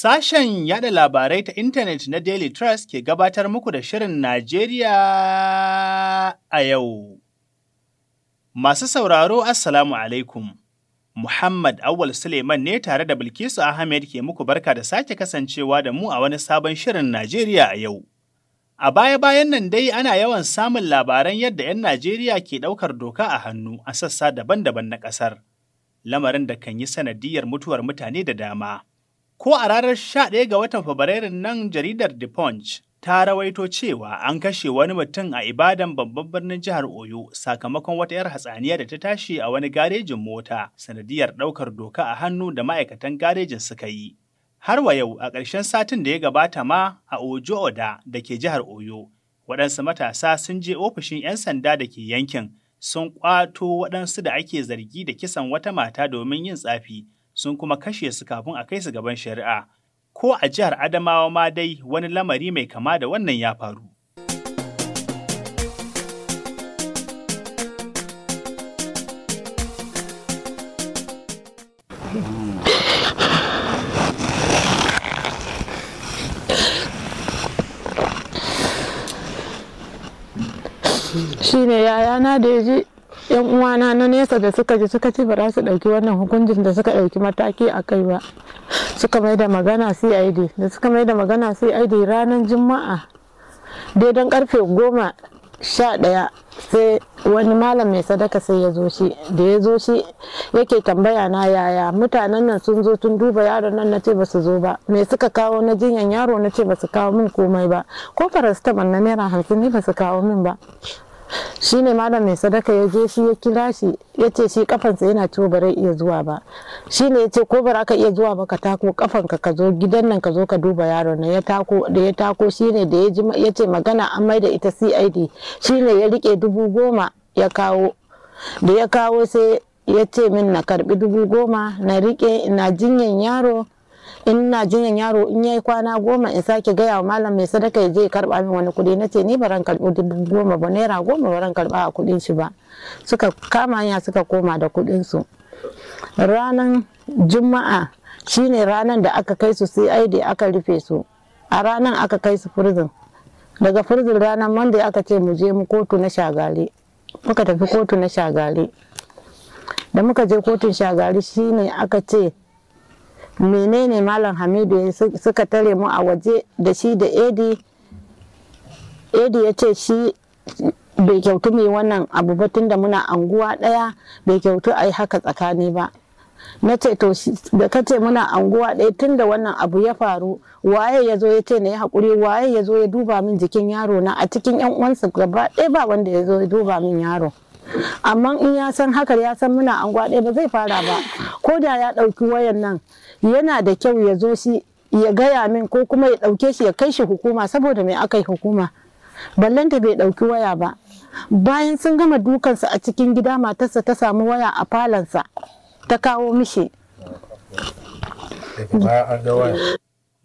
Sashen yada labarai ta intanet na Daily Trust ke gabatar muku da Shirin Najeriya a yau. Masu sauraro Assalamu alaikum. Muhammad Awal Suleiman ne tare da Bilkisu Ahmed ke muku barka da sake kasancewa da mu a wani sabon Shirin Najeriya a yau. A baya-bayan nan dai ana yawan samun labaran yadda 'yan Najeriya ke ɗaukar doka a hannu a sassa daban-daban na ƙasar, lamarin da kan yi sanadiyar mutuwar mutane da dama. Ko a ranar 11 ga watan Fabrairun nan jaridar The Punch ta rawaito cewa an kashe wani mutum a Ibadan babban birnin jihar Oyo sakamakon wata 'yar hatsaniya da ta tashi a wani garejin mota sanadiyar ɗaukar doka a hannu da ma'aikatan garejin suka yi. Har wa yau a ƙarshen satin da ya gabata ma a Ojo Oda da ke jihar Oyo, waɗansu matasa sun je ofishin 'yan sanda da ke yankin sun kwato waɗansu da ake zargi da kisan wata mata domin yin tsafi sun kuma kashe su kafin a kai su gaban shari'a. Ko a jihar Adamawa ma dai wani lamari mai kama da wannan ya faru. shi ne yayana da ya ji yan uwana na nesa da suka ji suka ci ba za su ɗauki wannan hukuncin da suka ɗauki mataki a kai ba suka mai da magana cid da suka mai da magana cid ranar juma'a daidan karfe goma sha ɗaya sai wani malam mai sadaka sai ya zo shi da ya zo shi yake tambaya na yaya mutanen nan sun zo tun duba yaron nan na ce ba su zo ba me suka kawo na jinyan yaro na ce ba su kawo min komai ba ko farastamol na naira hamsin ne ba su kawo min ba shi ne malam mai sadaka ya je shi ya kira shi ya ce shi kafansa yana ciwo ba zai iya zuwa ba shi ne ya ce ko ba ka iya zuwa ba ka tako kafanka ka zo gidan nan ka zo ka duba yaron nan ya da ya tako shi ne da ya ce magana an mai da ita cid shi ne ya rike dubu goma ya kawo da ya kawo sai ya ce min na karbi dubu goma na rike na jinyan yaro in na jinyan yaro in yayi kwana goma in sake gaya wa malam mai sadaka ya je karba min wani kudi na ce ni baran karɓi dubu goma ba naira goma baran karba a kuɗin shi ba suka kama hanya suka koma da kuɗin su ranan juma'a shine ranan da aka kai su CID aka rufe su a ranan aka kai su furzin daga furzin ranar monday aka ce mu je mu kotu na shagali muka tafi kotu na shagari da muka je kotun shagari shine aka ce menene malam hamidu suka tare mu a waje da shi da edi edi ya ce shi bai kyautu mai wannan abu ba tunda muna anguwa ɗaya bai kyautu a yi haka tsakani ba na ce to da ka ce muna anguwa ɗaya tun da wannan abu ya faru waye ya zo ya ce na yi haƙuri waye ya zo ya duba min jikin yaro na a cikin 'yan uwansa gaba ɗaya ba wanda ya zo ya duba min yaro. amma in ya san haka ya san muna an gwaɗe ba zai fara ba ko da ya ɗauki wayan nan yana da kyau ya zo shi ya gaya min ko kuma ya ɗauke shi ya kai shi hukuma saboda mai aka yi hukuma ballanta bai ɗauki waya ba bayan sun gama dukansa a cikin gida matarsa ta samu waya a falansa ta kawo mishi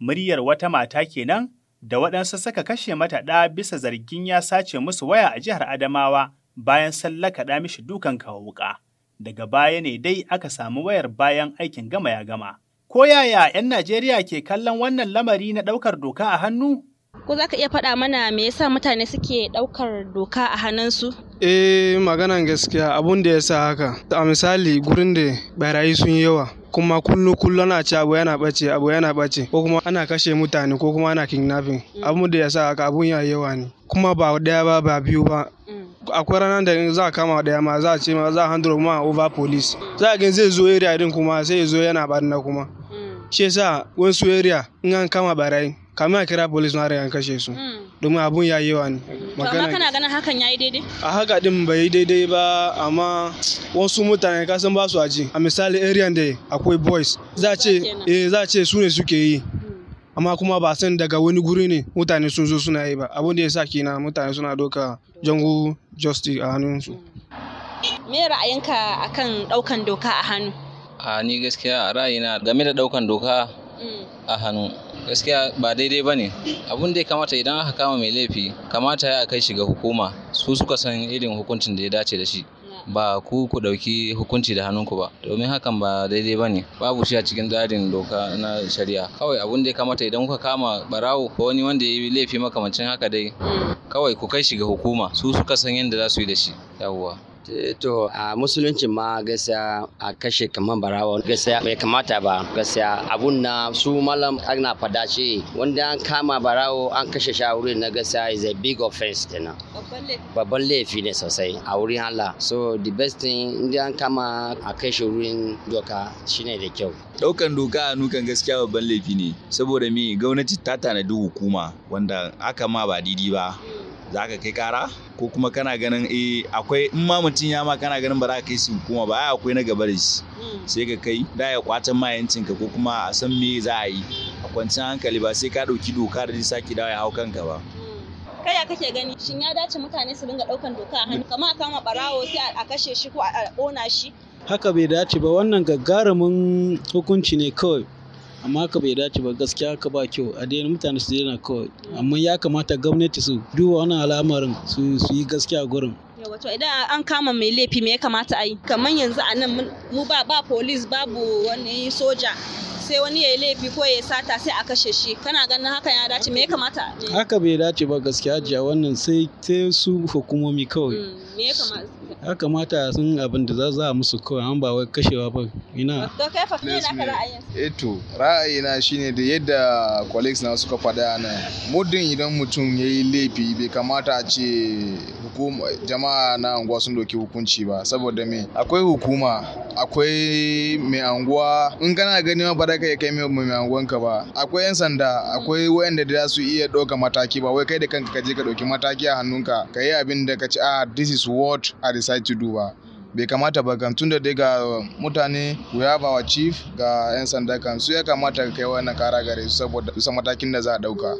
muryar wata mata kenan da waɗansu suka kashe mata ɗa bisa zargin ya sace musu waya a jihar adamawa bayan Sallah kaɗa mishi dukan kawo wuƙa. Daga baya ne dai aka samu wayar bayan aikin gama ya gama. Ko yaya 'yan Najeriya ke kallon wannan lamari na ɗaukar doka a hannu? Ko za ka iya faɗa mana me yasa mutane suke ɗaukar doka a hannunsu? Eh maganan gaskiya abun da ya sa haka. A misali gurin da barayi sun yawa kuma kullu kullu ana ci abu yana ɓace abu yana ɓace ko kuma ana kashe mutane ko kuma ana kidnapping mm. abun da ya sa haka abun ya yawa ne kuma ba daya ba ba biyu ba mm. akwai ranar da za a kama daya ma za a ce ma za a handle ma over police za a ga zai zo area din kuma sai ya zo yana barna kuma mm. shi yasa wasu area in an kama barayi kamar a kira police na an kashe su domin abun ya yi yawa ne magana kana ganin hakan ya yi daidai a haka din bai yi daidai ba amma wasu mutane kasan ba su aji a misali area da akwai boys za ce eh za ce su ne suke yi hmm. amma kuma ba san daga wani guri ne mutane sun zo suna yi ba abun da ya sa kina mutane suna doka jango justice a hannunsu hmm. me ra'ayinka akan daukan doka a hannu a ni gaskiya ra'ayina game da daukan doka hmm. a hannu gaskiya ba daidai ba ne abin da ya kamata idan aka kama mai laifi kamata ya kai shiga hukuma su suka san irin hukuncin da ya dace da shi ba ku ku ɗauki hukunci da hannunku ba domin hakan ba daidai ba ne babu shi a cikin tsarin doka na shari'a kawai abin da ya kamata idan kuka kama barawo ko wani wanda ya yi laifi makamancin haka dai kawai ku kai shiga hukuma su suka san yadda za su yi da shi yawwa Eh, to a musulunci ma gaskiya a kashe kaman barawa gaskiya bai kamata ba gaskiya abun na su malam ana fada ce wanda an kama barawo an kashe shi a wurin na gaskiya is a big offense kenan babban laifi ne sosai a wurin Allah so the best thing inda an kama a kashe wurin doka shine da kyau daukan doka a nukan gaskiya babban laifi ne saboda me gwamnati ta tanadi hukuma wanda aka ma ba didi ba za ka kai kara ko kuma kana ganin eh akwai in ma mutum ya ma kana ganin ba za ka kai su kuma ba akwai na gaba da shi hmm. sai ka kai da ya kwatan ma yancin ka ko kuma a san me za a yi a kwanci hankali ba sai ka ɗauki doka da zai saki dawo ya hau kanka ba. Hmm. kaya kake gani shin ya dace mutane su dinga ɗaukan doka a hannu a kama barawo sai a kashe shi ko a ona shi haka bai dace ba wannan gagarumin hukunci ne kawai amma haka bai dace ba gaskiya haka ba kyau a daina mutane su daina kawai amma ya kamata gwamnati su duba wannan al'amarin su yi gaskiya gurin wato idan an kama mai laifi me ya kamata a yi kamar yanzu a nan mu ba ba polis babu wani soja sai wani ya yi laifi ko ya sata sai a kashe shi kana ganin haka ya dace me ya kamata haka bai dace ba gaskiya jiya wannan sai su hukumomi kawai mm. ya kamata sun abin da za za musu kawai an ba wai kashewa ba ina to kai fa ne eh ra'ayina shine da yadda colleagues na suka faɗa nan muddin idan mutum yayi laifi bai kamata a ce jama'a na anguwa sun doki hukunci ba saboda me akwai hukuma akwai mai anguwa in kana gani ma ba da kai kai mai ka ba akwai yan sanda akwai wayanda da su iya ɗauka mataki ba wai kai da kanka ka je ka ɗauki mataki a hannunka ka yi abin da ka ci a ah, this is is what I decide to do ba. Bai kamata ba kan tunda dai ga mutane we have wa chief ga 'yan sanda kan su ya kamata ka kai wannan kara gare su saboda bisa matakin da za a ɗauka.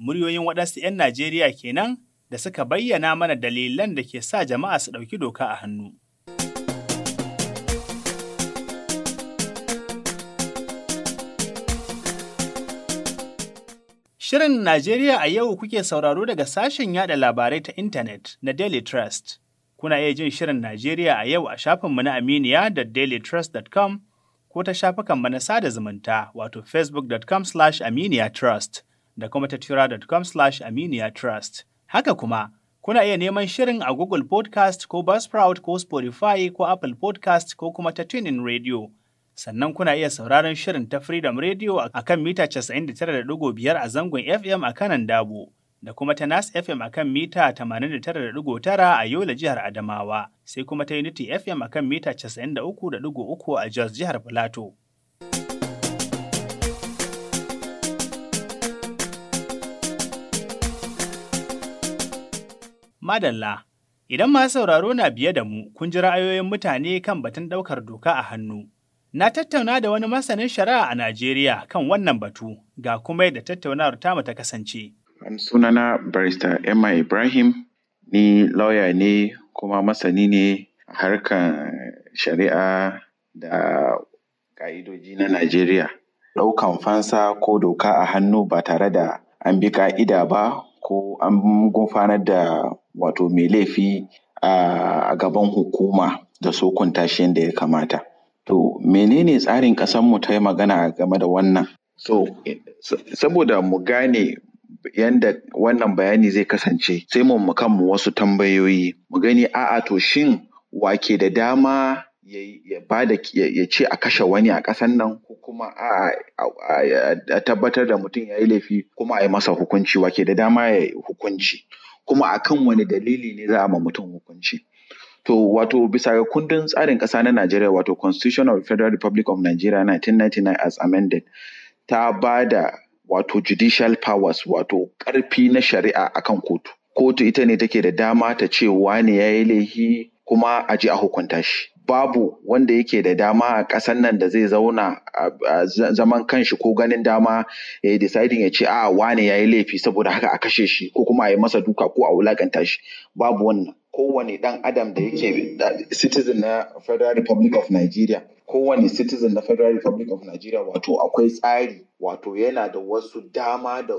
Muryoyin waɗansu 'yan Najeriya kenan da suka bayyana mana dalilan da ke sa jama'a su ɗauki doka a hannu. Shirin Najeriya a yau kuke sauraro daga sashen yada labarai ta intanet na Daily Trust. Kuna iya jin Shirin Najeriya a yau a shafinmu na Aminiya da dailytrust.com ko ta shafukanmu na sada zumunta wato facebook.com slash aminiyatrust da kuma tatura.com slash aminiyatrust. Haka kuma, kuna iya neman shirin a Google Podcast ko Buzzsprout ko Spotify ko Apple Podcast ko kuma ta TuneIn Radio. Sannan kuna iya sauraron shirin ta Freedom Radio a kan mita 99.5 a zangon FM a kanan Dabo, da kuma ta Nas FM a kan mita 89.9 a Yola jihar Adamawa, sai kuma ta Unity FM a kan mita 93.3 a Jos jihar Filato. Madalla. Idan masu sauraro na biye da mu, kun ji ra'ayoyin mutane kan batun ɗaukar doka a hannu. Na tattauna da wani masanin shari'a a Najeriya kan wannan batu ga kuma yadda tattaunawar tamu ta kasance. Sunana barista Emma Ibrahim ni lauya ne kuma masani ne a harkar shari'a da ƙa'idoji na Najeriya. Ɗaukan fansa ko doka a hannu ba tare da an bi ƙa'ida ba ko an gumfanar da wato mai laifi a gaban hukuma da sokunta shi yadda ya kamata. To mene ne tsarin ƙasanmu ta yi magana game da wannan? So saboda mu gane yanda wannan bayani zai kasance sai mu mu kanmu wasu tambayoyi mu gani a'a to shin wa ke da dama ya bada ya ce a kashe wani a ƙasan nan ko kuma a'a a tabbatar da mutum ya yi laifi kuma a yi masa hukunci wa ke da dama ya yi hukunci kuma akan wani dalili ne za a ma mutum hukunci To wato bisa ga kundin tsarin ƙasa na Najeriya wato constitution of the Federal Republic of Nigeria 1999 as amended ta ba da wato judicial powers wato ƙarfi na shari'a akan kotu. Kotu ita ne take da dama ta ce wane ya yi laifi kuma a ji a hukunta shi. Babu wanda yake da dama a ƙasan nan da zai zauna a zaman kanshi ko ganin dama ya deciding ya ce a wane ya yi laifi saboda haka a kashe shi ko kuma a yi masa duka ko a wulakanta shi babu wannan. kowane dan adam da yake citizen na Federal Republic of Nigeria. Kowane citizen na Federal Republic of Nigeria wato akwai tsari wato yana da wasu dama da,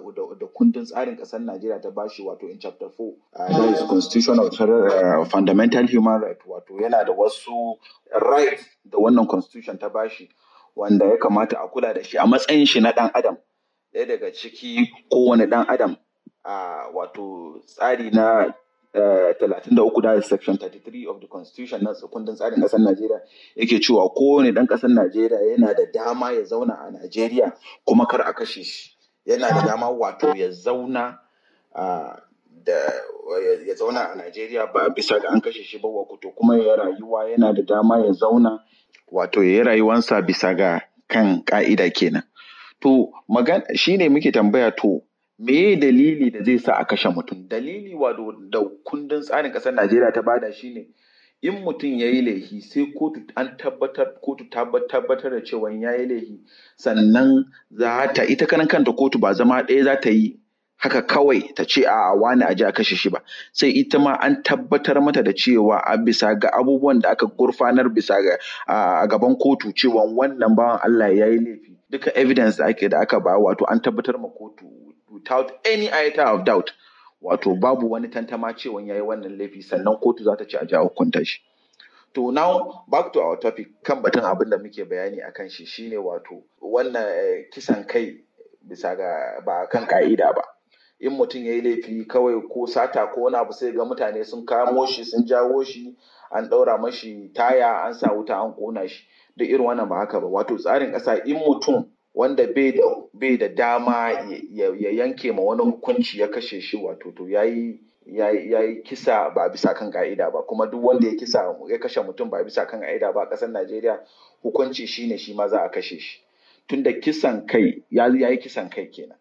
kundin tsarin kasar nigeria ta bashi wato in chapter 4 uh, ah, is constitution of uh, fundamental human right wato yana da wasu right da wannan constitution ta bashi wanda ya kamata a kula da shi a matsayin shi na ɗan adam ɗaya daga ciki kowane dan adam uh, wato tsari na 33 eh, da section 33 of the constitution na kundin tsarin ƙasar Najeriya yake cewa kowane ɗan ƙasar Najeriya yana da dama ya zauna a Najeriya kuma kar a kashe shi yana da dama wato ya zauna da ya zauna a Najeriya ba bisa ga an kashe shi ba wato kuma ya rayuwa yana da dama ya zauna wato ya yi rayuwansa bisa ga kan ka'ida kenan to magana shine muke tambaya to Me dalili da zai sa a kashe mutum dalili wato da kundin tsarin ƙasar najeriya ta bada shine in mutum ya yi laifi sai kotu an tabbatar kotu tabbatar da cewa ya yi laifi sannan za ta ita kanan kanta kotu ba zama ɗaya za ta yi haka kawai ta ce a wani aji a kashe shi ba sai ita ma an tabbatar mata da cewa a bisa ga abubuwan da aka gurfanar bisa ga a gaban kotu cewa wannan bawan Allah ya yi laifi duka evidence da ake da aka ba wato an tabbatar ma kotu without any iota of doubt wato babu wani tantama cewa yayi wannan laifi sannan kotu za ta ci a ja hukunta shi to now back to our topic kan batun abin da muke bayani akan shi shine wato wannan eh, kisan kai bisa ga ba kan ka'ida ba in mutum ya yi laifi kawai ko sata ko wani abu sai ga mutane sun kamo shi sun jawo shi an ɗaura mashi taya an sa wuta an ƙona shi duk irin wannan ba haka ba wato tsarin ƙasa in mutum wanda bai da dama ya yanke ma wani hukunci ya kashe shi wato to yayi yayi kisa ba bisa kan ka'ida ba kuma duk wanda ya kisa ya kashe mutum ba bisa kan ka'ida ba a kasar Najeriya hukunci shi ne shi ma za a kashe shi tunda kisan kai ya yi kisan kai kenan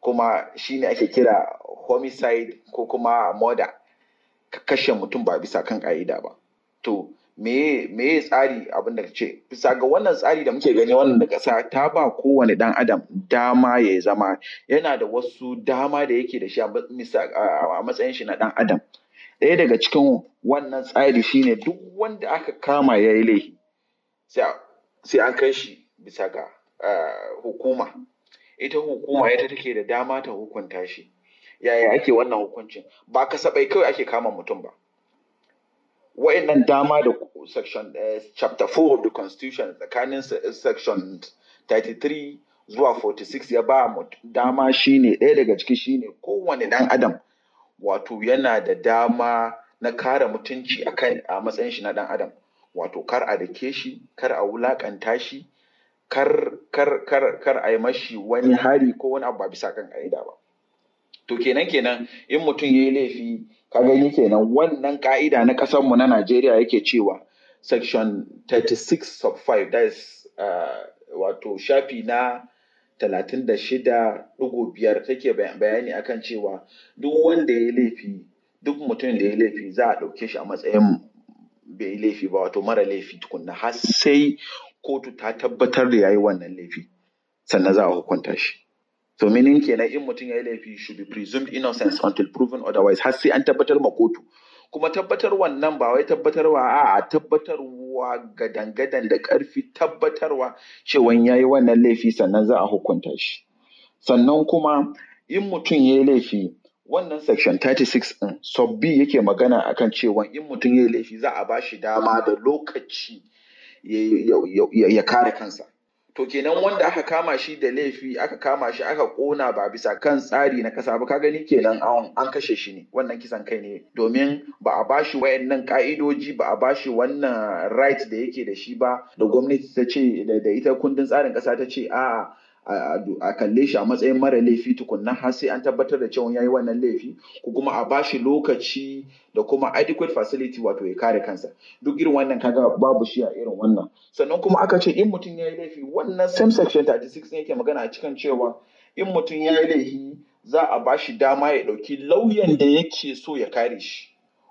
kuma shi shine ake kira homicide ko kuma murder ka kashe mutum ba bisa kan ka'ida ba to me tsari abin da ka ce bisa ga wannan tsari da muke gani wannan da ƙasa ta ba kowane ɗan adam dama ya zama yana da wasu dama da yake da shi a matsayin shi na ɗan adam ɗaya daga cikin wannan tsari shine duk wanda aka kama ya yi laifi sai an kai shi bisa ga hukuma ita hukuma ita take da dama ta hukunta shi yaya ake wannan hukuncin ba kasafai kawai ake kama mutum ba wa'annan dama da section uh, chapter 4 of the constitution tsakanin eh, section 33 zuwa 46 ya ba mu dama shine ɗaya daga ciki shine kowane ɗan adam wato yana da dama na kare mutunci a kan a matsayin shi na ɗan adam wato kar a dake shi kar a wulaƙanta shi kar a yi mashi wani hari ko wani abu ba bisa kan ƙa'ida ba to kenan kenan in mutum ya yi laifi ka gani kenan wannan ka'ida na ƙasar mu na Najeriya yake cewa section 36 sub 5 that is uh, wato shafi na 36.5 take bayani akan cewa duk wanda ya laifi duk mutum da ya laifi za a ɗauke shi a matsayin bai yi laifi ba wato mara laifi tukunna har sai kotu ta tabbatar da yayi wannan laifi sannan za a hukunta shi So meaning kenan in mutum ya yi laifi should be presumed innocence until proven otherwise har sai an tabbatar ma kotu. Kuma tabbatar wannan ba wai tabbatarwa a a tabbatarwa gadan dangadan da ƙarfi tabbatarwa cewa ya yi wannan laifi sannan za a hukunta shi. Sannan kuma in mutum ya yi laifi wannan section 36 ɗin sub B yake magana akan cewa in mutum ya yi laifi za a ba shi dama da lokaci ya kare kansa. to kenan wanda aka kama shi da laifi aka kama shi aka kona ba bisa kan tsari na kasa ba ka gani kenan an kashe shi ne wannan kisan kai ne domin ba a bashi wayannan ka'idoji ba a bashi wannan right da yake da shi ba da gwamnati ta ce da ita kundin tsarin kasa ta ce a'a a kalle shi a matsayin mara laifi tukunna har sai an tabbatar da cewa yayi wannan laifi ko kuma a bashi lokaci da kuma adequate facility wato ya kare kansa duk irin wannan kaga babu shi a irin wannan sannan kuma aka ce in mutum ya yi laifi wannan same section 36 ne yake magana a cikin cewa in mutum yayi laifi za a bashi dama ya dauki lauyan da yake so ya kare shi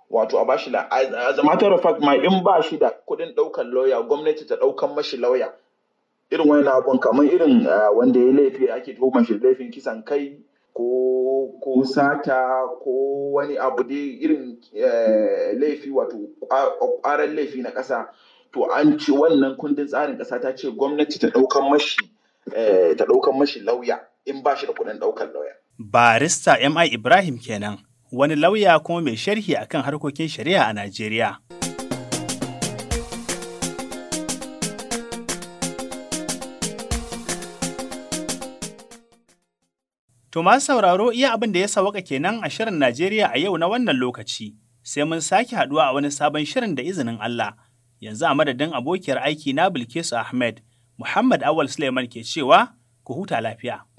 wato a bashi la as a matter of fact ma in ba shi da kuɗin ɗaukan lauya gwamnati ta ɗaukan mashi lauya irin wani abun kamar irin eh, wanda ya laifi ake tuhumar shi laifin kisan kai ko ko sata ko wani abu dai irin eh, laifi wato ƙwarar laifi na ƙasa to an ci wannan kundin tsarin ƙasa ta ce gwamnati ta ɗaukan mashi eh, ta ɗaukan mashi lauya in ba shi da kuɗin ɗaukan lauya. Barista MI Ibrahim kenan wani lauya kuma mai sharhi akan harkokin shari'a a Najeriya. To masu sauraro iya abin da ya sawaka kenan a shirin Najeriya a yau na wannan lokaci, sai mun sake haduwa a wani sabon shirin da izinin Allah. Yanzu a madadin abokiyar aiki na Bilkisu Ahmed, Muhammad Awal Suleiman ke cewa, ku huta lafiya.